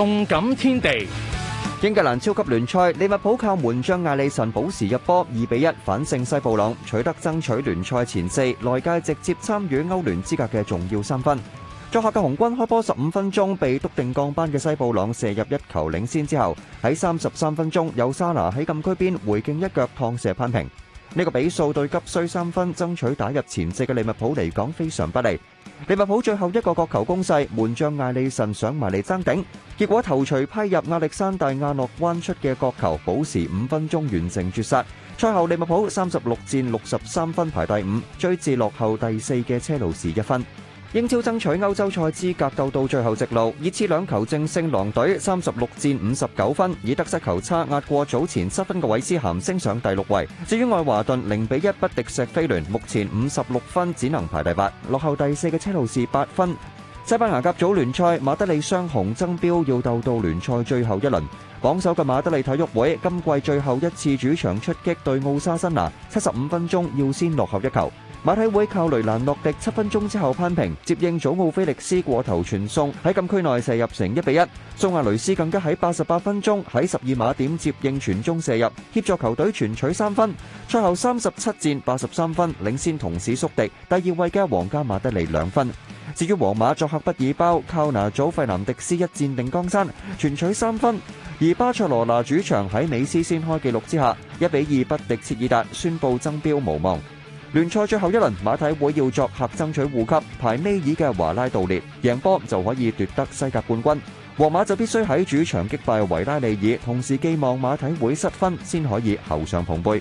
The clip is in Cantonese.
動感天地，英格蘭超級聯賽，利物浦靠門將艾利臣補時入波，二比一反勝西布朗，取得爭取聯賽前四、內界直接參與歐聯資格嘅重要三分。作客嘅紅軍開波十五分鐘被篤定降班嘅西布朗射入一球領先之後，喺三十三分鐘有沙拿喺禁區邊回敬一腳趟射扳平。呢個比數對急需三分爭取打入前四嘅利物浦嚟講非常不利。利物浦最後一個角球攻勢，門將艾利臣上埋嚟爭頂，結果頭槌批入亞歷山大亞諾灣出嘅角球，補時五分鐘完成絕殺。賽後利物浦三十六戰六十三分排第五，追至落後第四嘅車路士一分。英超爭取歐洲賽資格鬥到最後直路，以次兩球正勝狼隊，36戰59分，以得失球差壓過早前失分嘅韋斯咸，升上第六位。至於愛華頓零比一不敵石飛聯，目前56分只能排第8，落後第四嘅車路士八分。西班牙甲組聯賽，馬德里雙雄爭標要鬥到聯賽最後一輪。榜首嘅馬德里體育會今季最後一次主場出擊對奧沙辛拿，七十五分鐘要先落後一球。馬體會靠雷蘭諾迪七分鐘之後攀平，接應祖奧菲力斯過頭傳送喺禁區內射入成一比一。蘇亞雷斯更加喺八十八分鐘喺十二碼點接應傳中射入，協助球隊全取三分。賽後三十七戰八十三分，領先同市宿敵第二位嘅皇家馬德里兩分。至於皇馬作客畢爾包，靠拿祖費南迪斯一戰定江山，全取三分。而巴塞羅那主場喺美斯先開紀錄之下，一比二不敵切爾達，宣布爭標無望。聯賽最後一輪，馬體會要作客爭取護級、排尾二嘅華拉度列，贏波就可以奪得西甲冠軍。皇馬就必須喺主場擊敗維拉利爾，同時寄望馬體會失分，先可以後上捧杯。